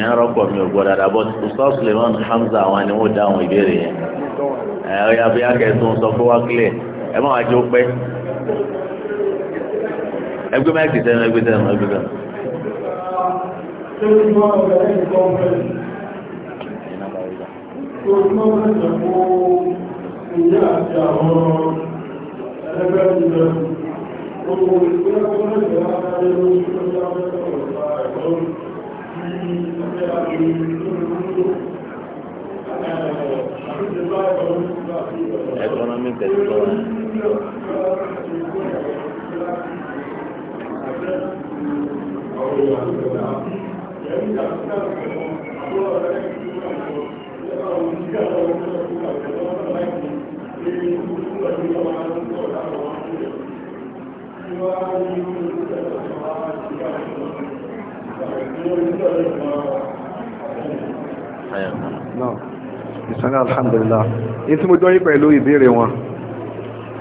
èèyàn rọ́pò mi ò gbọ́ dáadáa bọ́ Ustaz Suleiman Hamza àwọn ni wọ́n dá àwọn ìbéèrè yẹn ẹ ọyà bí akẹ́tún sọ fún wa kílẹ̀ ẹ má wàá jẹ́ ó pẹ́ ẹgbẹ́ máìkì sẹ́nu ẹgbẹ́ sẹ́nu ẹgbẹ́ sẹ́nu. Thank you economic explorer. Thank you ìsànlẹ̀ alhamdulillah yìí tí mo jọ yín pẹ̀lú ìbéèrè wọn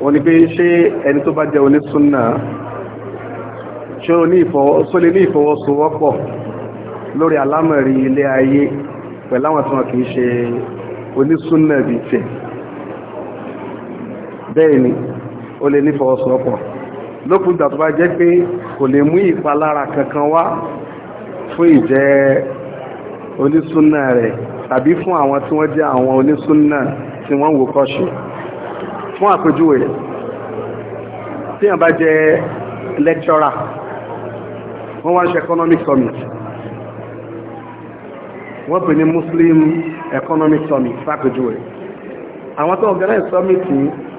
wọ́n ní pé ṣé ẹni tó bá jẹ́ onísúnnà ṣé o lè ní ìfọwọ́sowọ́pọ̀ lórí alámọ̀rí ilé ayé pẹ̀lú àwọn tí wọ́n kìí ṣe onísúnnà bí tẹ̀ bẹ́ẹ̀ ni o lè ní ìfọwọ́sowọ́pọ̀ lókùn fún ìjẹ́ onísúnnà rẹ̀ tàbí fún àwọn tí wọ́n jẹ́ àwọn onísúnnà tí wọ́n wò kọ́ṣù fún àpèjúwe tí wọ́n bá jẹ́ lecturer wọ́n wá ń ṣe economic summit wọ́n pè ní muslim economic summit fàpèjúwe àwọn tó organize summit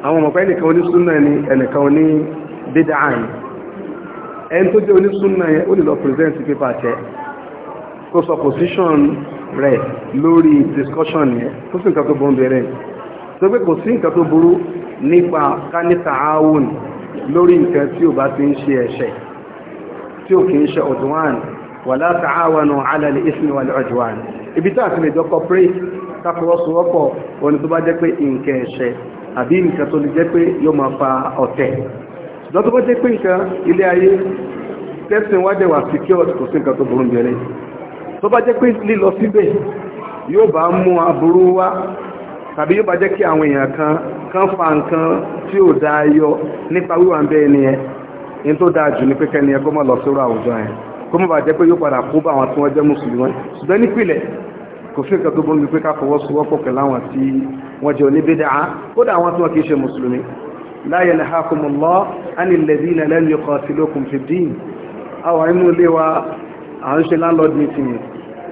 àwọn ọmọkọ̀ ẹnìkan onísúnnà ni ẹnìkan oní bídà àyìn ẹni tó jẹ́ onísúnnà yẹn ó lè lọ present paper tẹ́ kó sọ position rẹ̀ lórí discussion yẹn tó sì nǹkan tó burú bẹ̀rẹ̀ tó pé kò sí nǹkan tó burú nípa kánítà áwòn lórí nǹkan tí ò bá ti ń ṣe ẹ̀ṣẹ̀ tí ò kì ń ṣe ọ̀dùnwàn wà láta áwọnù alàlẹ̀ ìsinmi wà lọ́jọ́wàn ibi tá àti lè jọ corporate káfọwọ́sowọ́pọ̀ òní tó bá jẹ́ pé nǹkan ẹ̀ṣẹ̀ àbí nǹkan tó lè jẹ́ pé yóò máa fa ọ̀tẹ̀ lọ́tọ́ bá jẹ́ pé nǹkan ilé ayé tẹ́sìn wájẹ̀ wà kò sí nǹkan tó burú bẹ̀rẹ̀ tó bá jẹ́ pé lílọ síbẹ̀ yóò bá mú aburú wá tàbí yóò bá jẹ́ kí àwọn èèyàn kan kan fa nǹkan tí ò dáa yọ nípa wíwà ń bẹ́ ẹni ẹ in tó dáa jù ní pé kẹ́ni ẹ kó mọ̀ lọ sórí àwùjọ ẹ kó mọ̀ bá jẹ́ pé yóò padà kó bá àwọn tí wọ́n jẹ́ mùsùlùmí ṣùgbọ́n nípìnlẹ̀ kò à ń ṣe landlord meeting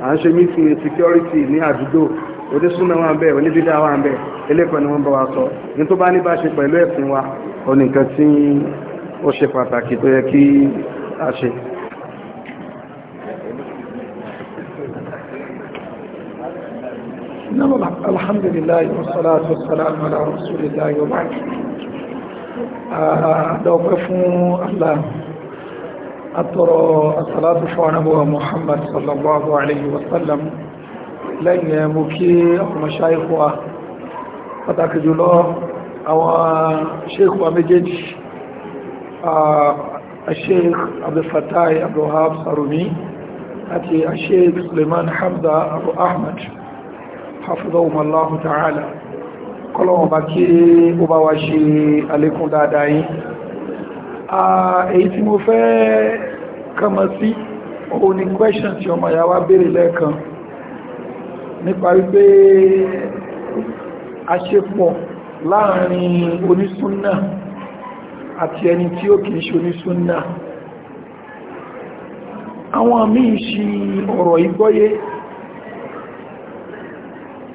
à ń ṣe meeting security ní àdúgbò onísúná wà ń bẹ oníbídà wà ń bẹ eléèpẹ̀ ni bá wa sọ ní tó bá ní bá ṣe pẹ̀lú ẹ̀sìn wa ó tí ó ṣe pàtàkì tó yẹ kí a ṣe. الحمد لله والصلاة والسلام على رسول الله وبعد أدوك فون الله atọrọ asalatu fọ́nàbọ̀ muhammad sallallahu alayhi wa sallam lẹ́yìn mú kí ọmọ ṣáìkú wa pàtàkì jùlọ àwọn ṣéèkù wa méjèèjì الشيخ عبد الفتاح عبد الوهاب صارومي àti àṣíyèk Suleiman Hamza Abu Ahmad hafizahum Allah ta'ala kọlọ̀wọ̀n bá kí ó bá wá ṣe alékún dáadáa yìí èyí tí mo fẹ́ nǹkan mọ́ sí òun ni question tí ọmọ ìyá wa béèrè lẹ́ẹ̀kan nípa wípé àṣepọ̀ láàrin onísúnnà àti ẹni tí ó kìí ṣe onísúnnà àwọn míì ṣì ọ̀rọ̀ ìgbọ́yé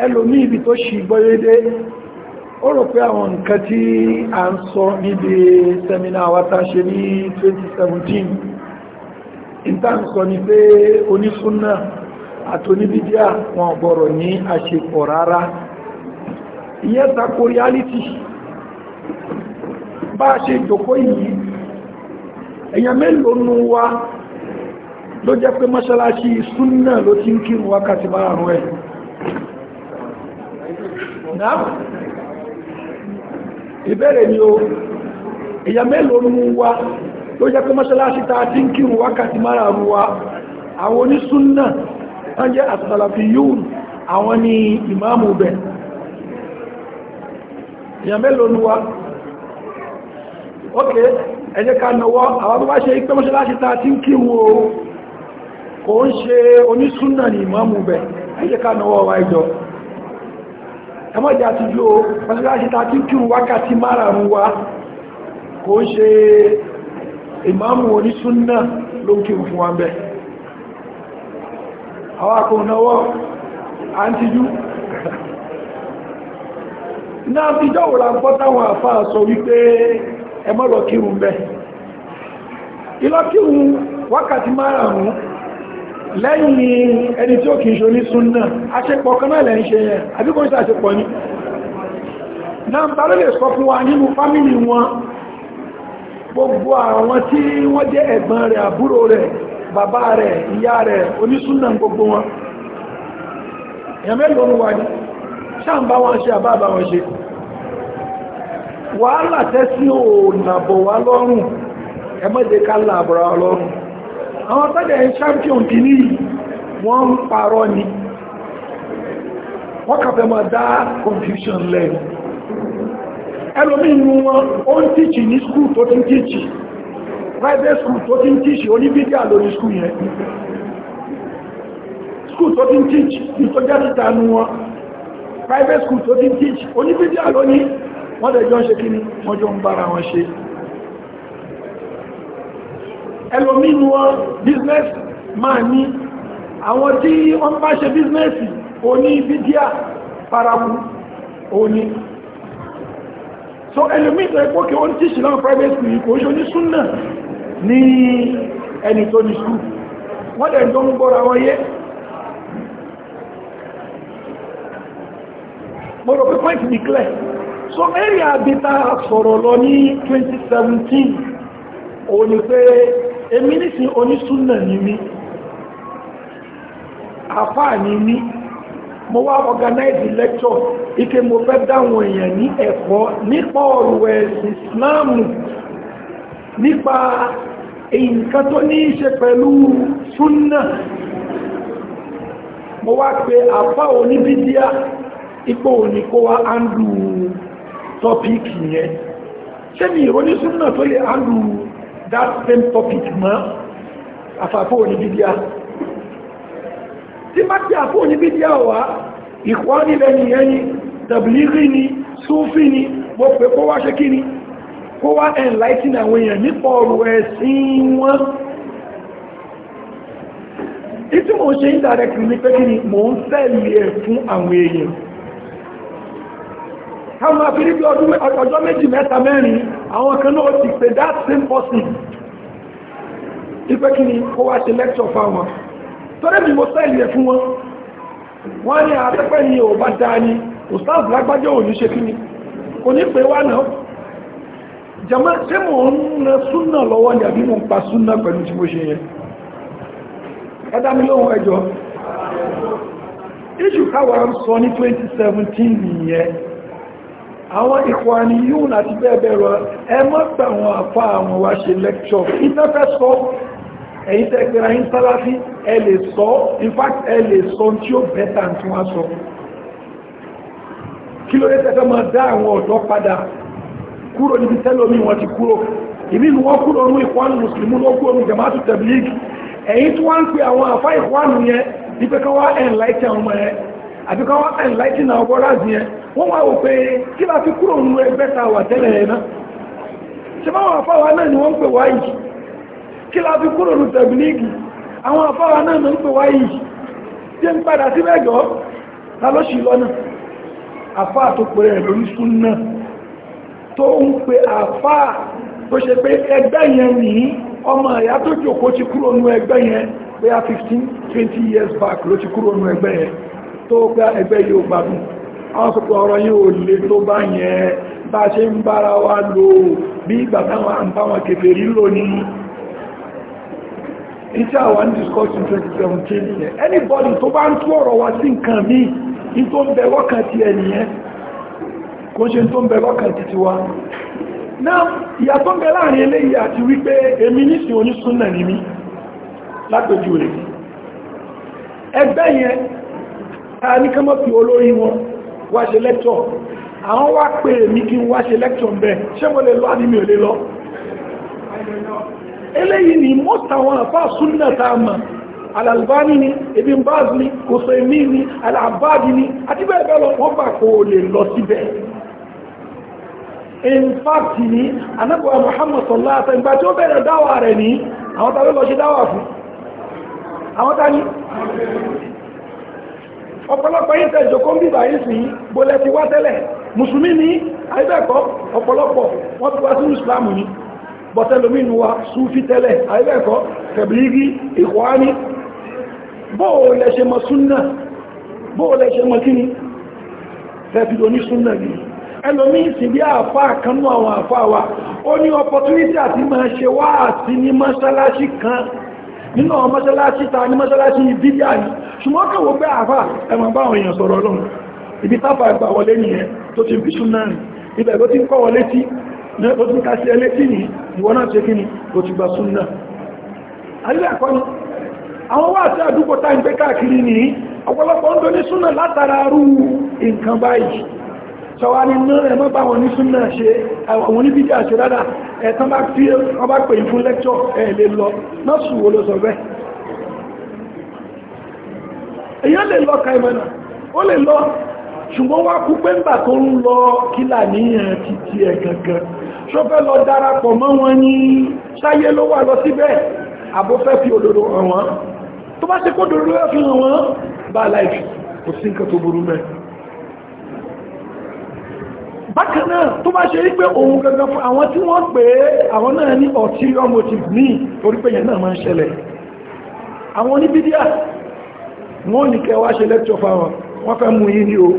ẹlòmí ibi tó ṣì ìgbọ́yé dé ó rò pé àwọn nǹkan tí a ń sọ níbi sẹ́mínà wa ní 2017 ìtànsọ ni pé onísúnnà àtòníbídíà wọn ọ̀bọ̀rọ̀ ní àṣepọ̀ rárá ìyẹn tako reality bá a ṣe ìjòkó yìí èyàn mélòó nú wa ló jẹ́ pé mọ́ṣálásí súnnà ló ti ń kírun wákàtí márùn-ún ẹ̀ ìbẹ̀rẹ̀ ni o èyàn mélòó nú wa tó jẹ́ pé mọ́ṣálásí ta ti ń kírun wákàtí mara ruwa àwọn onísúnnà wọ́n jẹ́ àtàlàfi yóò àwọn ni ìmáàmù bẹ̀ èèyàn mélòó ni wá ok ẹ ká nọwọ́ àwọn tó bá ṣe pé mọ́ṣálásí ta ti ń kírun o kò ń ṣe onísúnnà ni ìmáàmù bẹ̀ ẹ jẹ́ ká nọwọ́ wa ìjọ ẹmọ́jà ti jó mọ́ṣálásí ta ti ń kírun wákàtí mara ruwa kò ń ṣe Imamu Onisun naa lo n kiiwu funwa n be. Awakon N'owuwa, An tiju. Naan tijo wula n kota wu afa so wipe emolo be. Ilo kirun mara run. Leyun Ẹni eni ti o kii n sho Onisun naa a shepo Kama elen sheye, adi ko n si a shepo ni. Na n talo le skon funwa ninu wọn. gbogbo àwọn tí wọ́n jẹ́ ẹ̀gbọ́n rẹ̀ àbúrò rẹ̀ bàbá rẹ̀ ìyá rẹ̀ onísúnà gbogbo wọn èèyàn mẹ́lò ń wà ní ṣàǹbá wọn ṣe àbábà wọn ṣe wàhálà tẹ́sí ò nàbọ̀ wá lọ́rùn ẹmọ́dé ká làbọ̀rà ọlọ́run àwọn tọ́jẹ̀ ń champion kì ní wọ́n ń parọ́ ni wọ́n kàfẹ́ mọ̀ dá confusion lẹ́nu ẹlòmí inú wọn ó ń tíìchì ní skúù tó ti ń tíìchì private school tó ti ń tíìchì oníbídíà lórí skúù yẹn skúù tó ti ń tíìchì ní tó jẹ́ títà wọn private school tó ti ń tíìchì oníbídíà lónìí wọ́n dẹ̀ jọ ń ṣe kíní wọ́n jọ ń bára wọn ṣe ẹlòmí inú wọn business máa ní àwọn tí wọ́n bá ṣe business oníbídíà paraku òní so ẹlòmí ìtẹ́kọ́ kí wọ́n tí ṣìlá private school kò ṣe ní súnnà ní ẹni tó ní school wọ́n dẹ̀ tó ń gbọ́ra wọn yẹ́ mọ́rọ̀ pé point declare so area abita sọ̀rọ̀ lọ ní 2017 ó ní pé èmi nísìn oní súnnà ní mi àfáà ní mi mo wá organize lecture ike mo fẹ́ dáwọn èèyàn ní ẹ̀kọ́ nípa ọ̀rọ̀ ẹ̀sìn islamu nípa nǹkan tó ní ṣe pẹ̀lú súnnà mo wá pé àfá oníbídíà ipò òní kó wá ándù tọ́píkì yẹn ṣé ni ìròní súnnà tó lè ándù that same topic mọ́ àfàfà oníbídíà tí má tí àfún òní bí díẹ̀ wá ìkwá nílẹ̀ nìyẹn ni tàbílírí ni súfí ni mo pè kó wá ṣe kí ni kó wá enlighten àwọn èèyàn nípa ọ̀rọ̀ ẹ̀sìn wọn ìtí mo ṣe indirect ní pé kí ni mo ń tẹ̀lé ẹ̀ fún àwọn èèyàn káwọn àfihàn bí ọjọ́ méjì mẹ́ta mẹ́rin àwọn kan náà ti pè that same person ìpé kí ni kó wá ṣe lecture fáwọn sọ́rẹ́ mi mo sẹ́ẹ̀lì ẹ̀ fún wọn wọ́n ní àtẹ́pẹ́ ni ò bá dáa ni ustaz lágbájọ́ ò ní ṣe kí ni kò ní pé wá náà jama ṣé mò ń na súnà lọ́wọ́ ni àbí mo ń pa súnà pẹ̀lú tí mo ṣe yẹn ẹ dá mi lóhùn ẹjọ́ iṣu káwa ń sọ ní 2017 nìyẹn àwọn ìkọ̀ àni yíò láti bẹ́ẹ̀ bẹ́ẹ̀ rọ ẹ mọ́ pẹ̀wọ̀n àfá àwọn wa ṣe lẹ́kṣọ́ ìtẹ́fẹ́ sọ ẹ̀yìn tẹ́gbẹ̀rẹ̀ yín sáláfí ẹ sọ in fact ẹ sọ tí ó bẹ́tà tí wọ́n sọ kí ló dé tẹ́fẹ́ máa dá àwọn ọ̀dọ́ padà kúrò níbi tẹ́lómi wọn ti kúrò ìbí ni wọ́n kúrò ní ìkwánu mùsùlùmí ló kúrò ní jamaatu tabligh ẹ̀yìn tí wọ́n ń pè àwọn àfá ìkwánu yẹn ní pé káwá ẹ̀ńláìtì àwọn ọmọ yẹn àbí káwá ẹ̀ńláìtì náà wọ́n ráàzì yẹn wọ́n wá wò pé kí la fi kúrò nínú ẹgbẹ́ ta wà tẹ́lẹ̀ yẹn náà ṣe báwọn àfá wa náà ni wọ́n ń pè wáyìí kí kúrò ní àwọn afọ́wà náà mọ̀ ń pè wáyé yìí tí ń padà sí mẹ́jọ́ ta ló ṣì lọ́nà àfáà tó pè rẹ̀ lórí sún náà tó ń pe àfáà tó ṣe pé ẹgbẹ́ yẹn ní ọmọ ẹ̀yà tó jòkó ti kúrò nú ẹgbẹ́ yẹn pé a 15 20 years back ló ti kúrò nú ẹgbẹ́ yẹn tó gbá ẹgbẹ́ yóò gbádùn àwọn sọpọ̀ ọ̀rọ̀ yóò lè tó bá yẹn bá ṣe ń bára wa lò bí ìgbà táwọn àǹbáwọn kèfèrí lónìí ìtí àwọn discuss in 2017 yẹn anybody tó bá ń tú ọ̀rọ̀ wá sí nǹkan míì ní tó ń bẹ lọ́kàn ti ẹnìyẹn kò ṣe tó ń bẹ lọ́kàn ti wá náà ìyàtọ̀ ń bẹ láàrin eléyìí àti wípé èmi nísìn onísúnnà ní mí lápẹjú rẹ̀ ẹgbẹ́ yẹn a ní ká mọ́ fi olórí wọn wá ṣe lẹ́kṣọ̀ àwọn wá pé èmi kí n wá ṣe lẹ́kṣọ̀ ń bẹ ṣé mo lè lọ àbí mi ò lè eléyìí ni mọ́ta àwọn àfá súnnà tá a mọ̀ al-Albani ni Ibn Baz ni Usaymi ni al ni àti bẹ́ẹ̀ bẹ́ẹ̀ lọ wọ́n gbà kó lè lọ síbẹ̀ in fact ni anábọ̀wà Muhammad sallallahu alaihi wasallam ìgbà tí ó bẹ̀rẹ̀ dáwà rẹ̀ ní àwọn tàbí lọ ṣe dáwà fún àwọn tàbí ọ̀pọ̀lọpọ̀ yìí tẹ́jọ kó ń bíbà yìí sí bólẹ̀ ti wá tẹ́lẹ̀ mùsùlùmí ní àìbẹ̀kọ́ ọ̀pọ̀lọpọ̀ wọ́n ti wá sí ìsìlámù ní bọ́tẹ́lómínú wa súnfí tẹ́lẹ̀ àìbẹ́ẹ̀kọ́ tẹ̀bìlìgì ìkwáni bóò lẹ ṣe mọ̀ súnnà bóò lẹ ṣe mọ̀ kí ni tẹ́fìdò ní súnnà ní ẹlòmí ìsìn bí àfá kanú àwọn àfá wa ó ní opportunity àti máa ṣe wá àti ní mọ́ṣálásí kan nínú àwọn mọ́ṣálásí ta ní mọ́ṣálásí ìbídíà ní ṣùgbọ́n kẹwò pé àfá ẹmọ̀ ní o ti ká sí ẹlẹ́tí ní ìwọ́n náà ṣe kí ni o ti gba súnnà alẹ́ àkọ́ni àwọn wá sí àdúgbò tá ń gbé káàkiri ní ọ̀pọ̀lọpọ̀ ń dóní súnnà látara rú nǹkan báyìí sọwá ní náà ẹ̀mọ́ bá wọn ní súnnà ṣe àwọn oníbídí kaimana ó ṣùgbọ́n wá kú pé ńgbà tó ń lọ kílà níyàn títí ẹ̀ gangan ṣó fẹ́ lọ darapọ̀ mọ́ wọn ní sáyé ló wà lọ síbẹ̀ àbó fẹ́ fi òdòdó hàn wọ́n tó bá ṣe kó òdòdó yóò fi hàn wọ́n bá láìsí kò sí nǹkan tó burú mẹ́ bákan náà tó bá ṣe rí pé òun gangan fún àwọn tí wọ́n pè é àwọn náà ní ulterior motive ní torí pé yẹn náà máa ń ṣẹlẹ̀ àwọn oníbídíà wọ́n ní kẹwàá ṣe lẹ́kṣọ́ fáwọn wọ́n fẹ́ mú yí ní o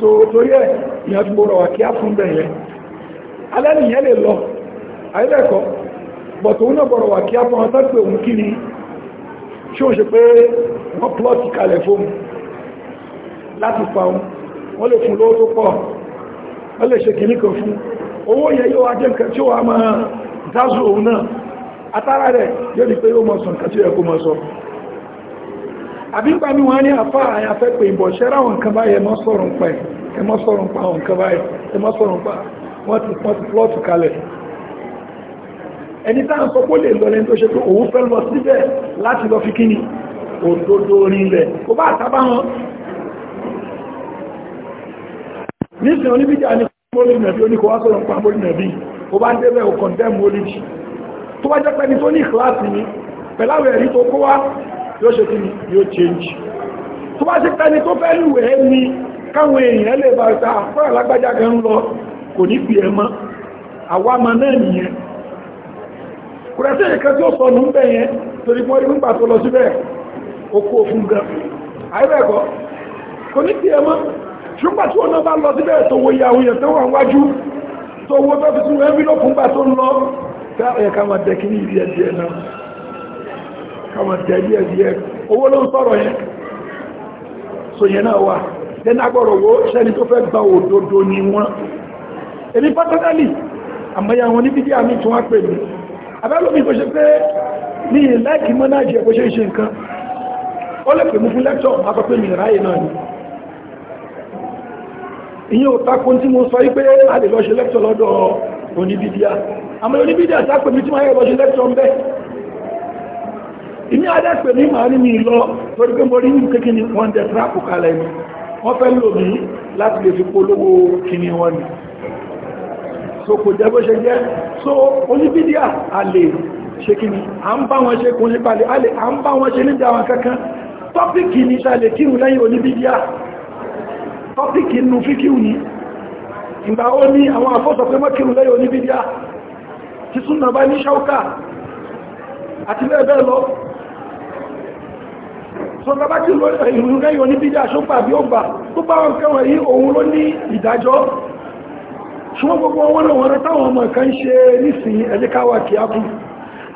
so torí ẹ̀ ìyàn tó gbọ́rọ̀ wà kí á fún bẹ̀yẹ alẹ́nìyàn lè lọ ayẹ́lẹ́kọ́ bọ̀tò òun náà gbọ́rọ̀ wà kí á fún ọ̀tọ́ pé òun kí ni ṣí o ṣe pé wọ́n plọ́tì kalẹ̀ fún láti fa òun wọ́n lè fún lówó tó pọ̀ wọ́n lè ṣe kìíní kan fún owó yẹn yóò ajẹ́ nǹkan tí ó wà máa dáṣù òun náà atara rẹ̀ yóò di pé yóò mọ̀ sọ nǹkan mọ̀ sọ àbí ń pàmí wọn ní àfá àyàfẹ́ pé ìbọ̀ ṣẹ́rá wọn kan báyẹ mọ́ sọ̀rọ̀ pa ẹ mọ́ sọ̀rọ̀ pa wọn kan báyẹ ẹ mọ́ sọ̀rọ̀ pa wọ́n ti pọ́n ti plọ́ọ̀tù kalẹ̀ ẹni táà ń sọ pó lè lọ lẹ́ni tó ṣe pé òun fẹ́ lọ síbẹ̀ láti lọ fi kíni òdodo nísìn oníbíjà ní mọ́lìnàbí oníkọ̀ wá sọ̀rọ̀ pa mọ́lìnàbí kò bá ń débẹ̀ ò kọ̀ndẹ́m mọ́lìjì tó bá jẹ́ pẹ́ni tó ní ìkìláàsì ni pẹ̀láwẹ̀ tó kó wá yóò ṣe kí ni yóò change tó bá ti pẹ́ni tó fẹ́ lù ẹ́ ni káwọn èèyàn lè bá ta fọ́nà lágbájá kan lọ kò ní pè ẹ mọ́ àwámọ́ náà nìyẹn kùrẹ́sẹ̀ ìkan tí ó sọ nù ń bẹ̀ yẹn torí pọ́ irú pàtó lọ síbẹ̀ okó fún gan àìbẹ̀kọ́ kò ní pè ẹ mọ́ tí wọ́n bá lọ síbẹ̀ tó wo ìyàwó yẹn kàmà tẹ̀ díẹ̀ díẹ̀ owó ló ń sọ̀rọ̀ yẹn so yẹn náà wà tẹ́ni agbọ́rọ̀ wo sẹ́ni tó fẹ́ gba òdodo ni wọ́n èmi pátánálì àmọ́yà wọn ní bídí àmì tí wọ́n pè mí abẹ́lómi kò ṣe pé ní láìkì mọ́nájì ẹ̀kọ́ ṣe ṣe nǹkan ó lè pè mú fún lẹ́tọ̀ afẹ́pẹ́ mi a lè lọ ṣe lẹ́tọ̀ lọ́dọ̀ oníbídíà àmọ́ oníbídíà ìní adẹ́pẹ̀ ní màá rí mi lọ torí pé mo rí ní kékè ní wọ́n dẹ̀ tíráàpù kalẹ̀ ni wọ́n fẹ́ lò mí láti lè fi polówó kíní wọn ni so kò jẹ́ bó ṣe jẹ́ so oníbídíà àlè ṣe kíní à ń bá wọn ṣe kún nípa àlè à ń bá wọn ṣe níbi àwọn kankan tọ́pìkì ní ṣàlè kírun lẹ́yìn oníbídíà tọ́pìkì nù fíkíù ní ìgbà ó ní àwọn àfọ́sọ̀ pé mọ́kírù lẹ́yìn oníbídíà ti súnà bá ní ṣáúkà àti bẹ́ẹ̀ bẹ́ẹ̀ lọ sọ̀tàbá tí ìrùn rẹ̀ yóò ní bídá ṣọ́pàá bí ó gbà tó bá wọn kẹwàá yí òun ló ní ìdájọ́ ṣùgbọ́n gbogbo wọn náà wọn táwọn ọmọ kan ṣe nísìnyí ẹ̀dẹ́káwà kìí ápù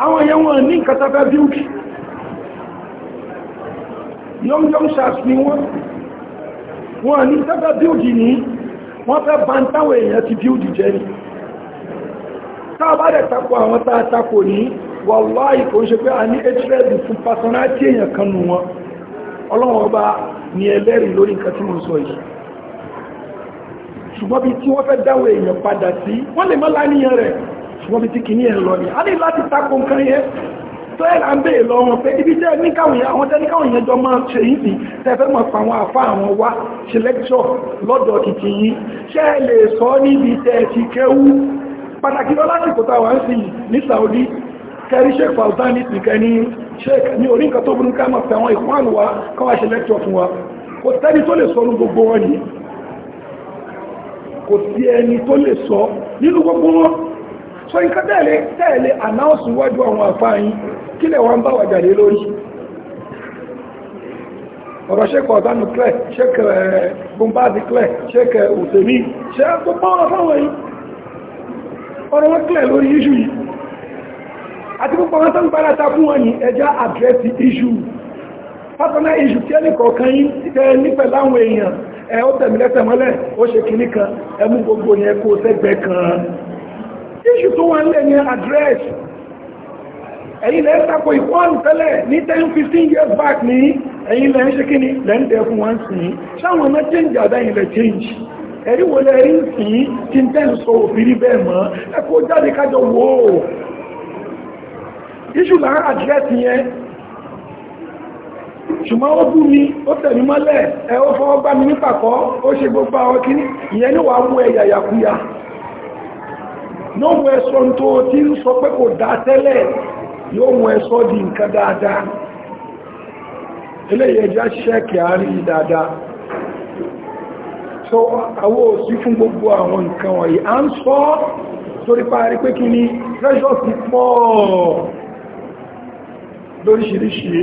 àwọn yẹn wọn ní nǹkan tafẹ́ bíúkì young young sharks ni wọ́n wọ́n ní tafẹ́ bíúkì ní ni táàbá rẹ̀ takò àwọn táàtakò ní wàláì kò ń ṣe pé a ní hrs fún personality èèyàn ọlọ́wọ́ ọba ni ẹlẹ́rìí lórí nǹkan tí mo sọ yìí ṣùgbọ́n bí tí wọ́n fẹ́ dáwọ̀ èèyàn padà sí wọ́n lè mọ́ láníyàn rẹ̀ ṣùgbọ́n bí tí kìíní ẹ̀ lọ ni a ní láti tako nǹkan yẹn tó ẹ̀ là ń bèèrè lọ wọn pé ibi tẹ́ níkàwọ̀n àwọn tẹ́ níkàwọ̀n yẹn jọ máa ṣe Saudi kẹrí sheik falzani nìkan ní sheik ní orí nǹkan tó burú ká máa fẹ́ àwọn ìkwọ́n wa kọ́ wá ṣe lẹ́kṣọ̀ fún wa kò sẹ́ni tó lè sọ ní gbogbo wọn yìí kò sí ẹni tó lè sọ nínú gbogbo wọn sọ nǹkan tẹ́ẹ̀lẹ̀ tẹ́ẹ̀lẹ̀ anáwọ̀sù wájú àwọn àfáàyín kí lẹ̀ wọ́n bá wà jàre lórí ọ̀rọ̀ sheik eh, bombazi clẹ̀ sheik òsèmí eh, sheik gbogbo ọ̀rọ̀ fáwọn yìí ọ̀rọ̀ àti púpọ̀ wọn tó ń gbárata fún wọn ní ẹjá àdírẹ́sì iṣu pátánà iṣu tí ẹnì kọ̀ọ̀kan yí tẹ nípẹ̀ láwọn èèyàn ẹ ó tẹ̀mí lẹ́sẹ̀ mọ́lẹ̀ ó ṣe kìíní kan ẹ mú gbogbo yẹn kó sẹ́gbẹ́ kan iṣu tó wọn lè ní àdírẹ́sì ẹ̀yìn lẹ́ ń tako ìpọ́n tẹ́lẹ̀ ní 10-15 years back ní ẹ̀yìn lẹ́ ń ṣe kí ni lẹ́ ń dẹ̀kun wọn sí i ṣáwọn ọmọ change àdáyìn lẹ́ change ẹ̀rí wo lẹ́ rí sí i tí ń tẹ́ ń sọ òfin rí bẹ́ẹ̀ mọ́ ẹ̀kọ́ jáde kájọ wò iṣù là ń àdírẹ́sì yẹn ṣùgbọ́n ó bú mi ó tẹ̀mí mọ́lẹ̀ ẹ ó fọwọ́ gbá mi nípàkọ́ ó ṣe gbogbo àwọn ìyẹn ní wà mú ẹ̀yà yàkúyà lóhun ẹ̀sọ́ tó tí ń sọ pé kò dá tẹ́lẹ̀ yóò mú di nǹkan dáadáa so gbogbo lóríṣìíríṣìí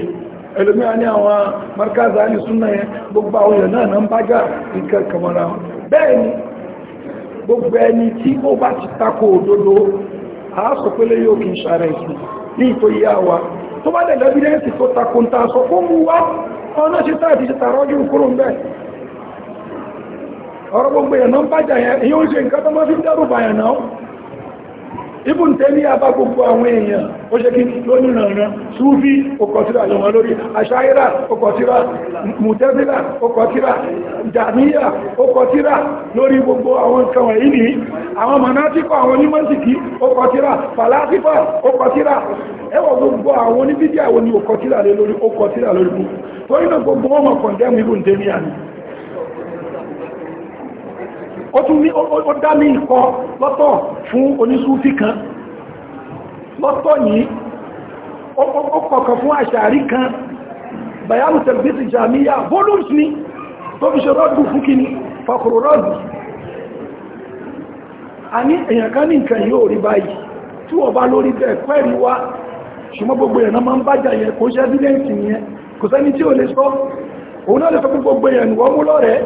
ẹlòmíà ní àwọn markaza ní súnà yẹn gbogbo àwọn èèyàn náà na ń bájá nǹkan kàmọ́ra wọn bẹ́ẹ̀ ni gbogbo ẹni tí ó bá ti takò òdodo àásọ pé lè yóò kí n ṣàrẹ ìsìn ní ìtò ìyá wa tó bá lẹ̀lẹ́ bídẹ́ǹsì tó takò ń ta sọ fún mú wá ọ̀nà ṣe táà ti ṣe tààrọ ojú kúrò ń bẹ́ẹ̀ ọ̀rọ̀ gbogbo èèyàn náà ń bájá yẹn èyí ó ṣe nǹkan tó máa fi dẹ́rù bàyàn náà ibùn tẹ́lẹ̀ àbá gbogbo àwọn èèyàn ó ṣe kí lónìí ràn ṣúfí okọ̀tíra lọ́wọ́ lórí aṣáírà okọ̀tíra mùtẹ́sílà okọ̀tíra jàmíyà okọ̀tíra lórí gbogbo àwọn nǹkan wọ̀nyí ní àwọn mọ̀nátíkọ̀ àwọn onímọ̀sìkí okọ̀tíra fàlásífà okọ̀tíra ẹwọ̀ gbogbo àwọn oníbídíà wọn ni okọ̀tíra lórí okọ̀tíra lórí gbogbo torí náà gbogbo ó tún ní ó dá ní ìkọ lọ́tọ̀ fún onísúfí kan lọ́tọ̀ yìí ó kọ̀kan fún àṣàrí kan bayanu tẹ̀lbẹ́sì jamiya volumes ni tó fi ṣe rọ́dù fún kí ni fàkòrò rọ́dù a ní èyàn kan ní nǹkan yóò rí báyìí tí wọ́n bá lórí bẹ́ẹ̀ pẹ́rí wá ṣùgbọ́n gbogbo èyàn máa ń bájà yẹn kò ṣe evidence yẹn kò sẹ́ni tí ò lè sọ òun náà lè sọ gbogbo èyàn wọ́n mú lọ́rẹ̀ẹ́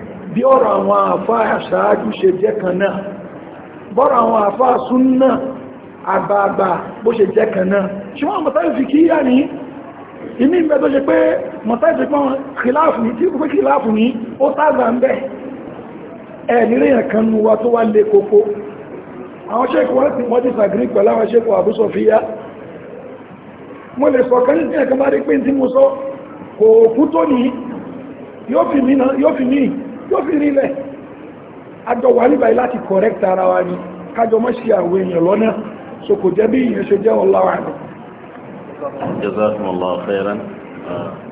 bí ọ̀rọ̀ àwọn àfá àṣáájú ṣe jẹ́ kan náà bọ́rọ̀ àwọn àfá súnnà àgbààgbà bó ṣe jẹ́ kan náà ṣùgbọ́n mọ̀tá ìfikíyà ní inú ìgbẹ́ tó ṣe pé mọ̀tá ìfikún kìláàfù ní tí pé kìláàfù ní ó tààzà ń bẹ̀ ẹ̀ níríyàn kan nu wa tó wá lè kókó àwọn ṣẹ́kù wọ́n ti wọ́n sàgírí pẹ̀lú àwọn ṣẹ́kù àbúsọ̀fíyá mo lè sọ kan ní ẹ̀kan bá rí pé tí mo sọ kò kú tó ní yóò fi mí yóò fi rílẹ̀ àjọ wà níbà láti correct ara wa ni kájọ mọ́ sí àwọn èèyàn lọ́nà so kò jẹ́ bí ìyẹn ṣe jẹ́ ọláwà náà